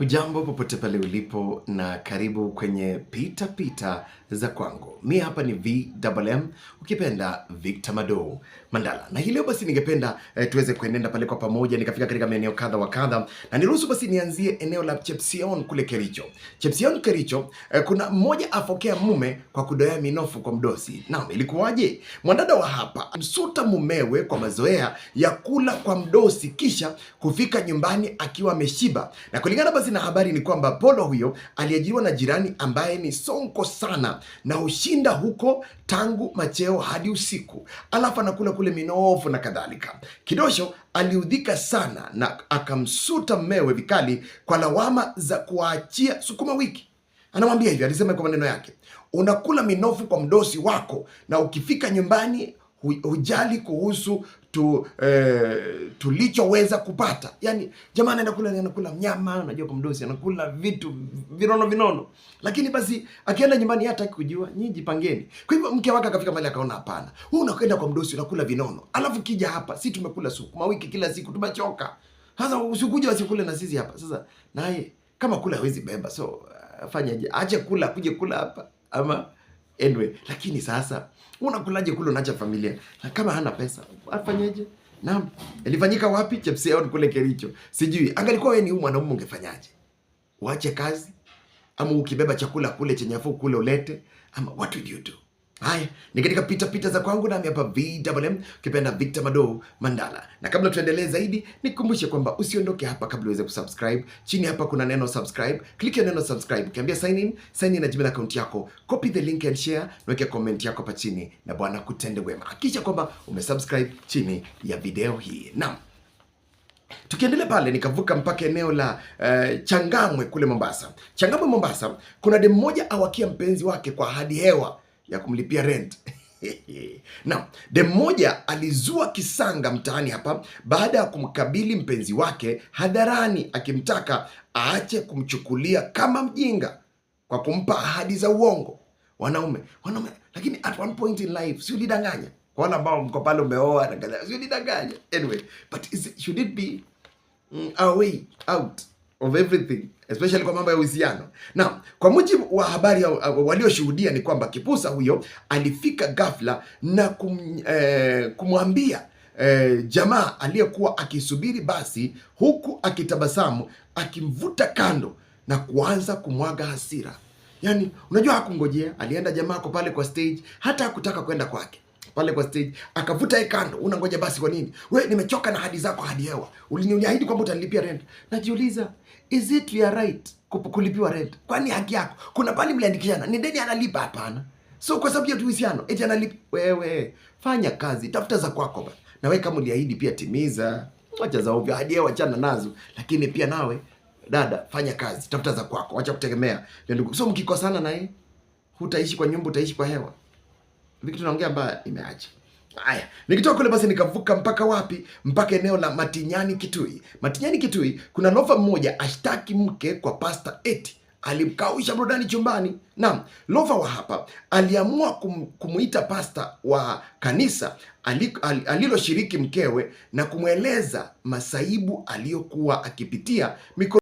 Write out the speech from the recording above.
Hujambo popote pale ulipo na karibu kwenye pita pita za kwangu. Mi hapa ni VMM, ukipenda Victor Mado Mandala, na hii leo basi ningependa eh, tuweze kuenenda pale kwa pamoja, nikafika katika maeneo kadha wa kadha, na niruhusu basi nianzie eneo la Chepsion kule Kericho. Chepsion Kericho, eh, kuna mmoja afokea mume kwa kudoea minofu kwa mdosi. Naam, ilikuwaje? Mwandada wa hapa msuta mumewe kwa mazoea ya kula kwa mdosi, kisha kufika nyumbani akiwa ameshiba na kulingana basi basi na habari ni kwamba Polo huyo aliajiriwa na jirani ambaye ni sonko sana na hushinda huko tangu macheo hadi usiku, alafu anakula kule minofu na kadhalika. Kidosho aliudhika sana na akamsuta mmewe vikali kwa lawama za kuwaachia sukuma wiki. Anamwambia hivyo, alisema kwa maneno yake, unakula minofu kwa mdosi wako na ukifika nyumbani hujali kuhusu tu, eh, tulichoweza kupata. Yani jamaa anaenda kula, anakula mnyama, anajua mdosi, anakula vitu vinono vinono, lakini basi akienda nyumbani hataki kujua, nyinyi jipangeni. Kwa hivyo mke wake akafika mahali akaona, hapana, wewe unakwenda kwa mdosi unakula vinono, alafu kija hapa, si tumekula sukuma wiki kila siku, tumechoka sasa, usikuja wasikule na sisi hapa. Sasa naye kama kula hawezi beba, so afanyaje? Eh, Ache kula, kuje kula hapa ama anyway, lakini sasa unakulaje kule unacha familia na kama hana pesa afanyeje? Naam, ilifanyika wapi? Chepsiao kule Kericho, sijui. Angalikuwa wewe ni huyu mwanaume ungefanyaje? Uache kazi ama ukibeba chakula kule chenye afu kule ulete ama what would you do? Haya ni katika pita pita za kwangu, nami hapa VMM ukipenda Victor Mado Mandala. Na kabla tuendelee zaidi, nikukumbushe kwamba usiondoke hapa kabla uweze kusubscribe. Chini hapa kuna neno subscribe, click ya neno subscribe, ukiambia sign in, sign in na Gmail account yako, copy the link and share, naweke comment yako hapa chini, na Bwana kutende wema. Hakikisha kwamba umesubscribe chini ya video hii. Naam. Tukiendelea pale nikavuka mpaka eneo la uh, Changamwe kule Mombasa. Changamwe Mombasa, kuna demu mmoja awakia mpenzi wake kwa hadi hewa ya kumlipia rent. Na de mmoja alizua kisanga mtaani hapa baada ya kumkabili mpenzi wake hadharani akimtaka aache kumchukulia kama mjinga kwa kumpa ahadi za uongo. Wanaume, wanaume, lakini at one point in life si ulidanganya. Kwa wale ambao mko pale umeoa na kadhalika, si ulidanganya. Anyway, but is it, should it be mm, our way out? of everything especially kwa mambo ya uhusiano. Na kwa mujibu wa habari walioshuhudia ni kwamba kipusa huyo alifika ghafla na kum, eh, kumwambia eh, jamaa aliyekuwa akisubiri basi, huku akitabasamu, akimvuta kando na kuanza kumwaga hasira. Yaani, unajua hakungojea, alienda jamaa ako pale kwa stage, hata hakutaka kwenda kwake pale kwa stage akavuta yeye kando, unangoja basi. Kwa nini wewe? Nimechoka na hadi zako hadi hewa, uliniahidi kwamba utanilipia rent. Najiuliza, is it your right kulipiwa rent? Kwani haki yako? Kuna pale mliandikishana, ni deni analipa? Hapana. So kwa sababu ya tu uhusiano eti analipa? Wewe fanya kazi, tafuta za kwako ba, na wewe kama uliahidi pia timiza. Wacha za ovyo, hadi hewa achana nazo, lakini pia nawe dada, fanya kazi, tafuta za kwako, acha kutegemea ndugu. So mkikosana naye, hutaishi kwa nyumba, utaishi kwa hewa. Vikitu tunaongea ambayo imeacha Haya, nikitoka kule basi nikavuka mpaka wapi? Mpaka eneo la Matinyani Kitui. Matinyani Kitui kuna lofa mmoja ashtaki mke kwa pasta eti alimkausha burudani chumbani. Naam, lofa wa hapa aliamua kum, kumuita pasta wa kanisa aliloshiriki mkewe na kumweleza masaibu aliyokuwa akipitia miko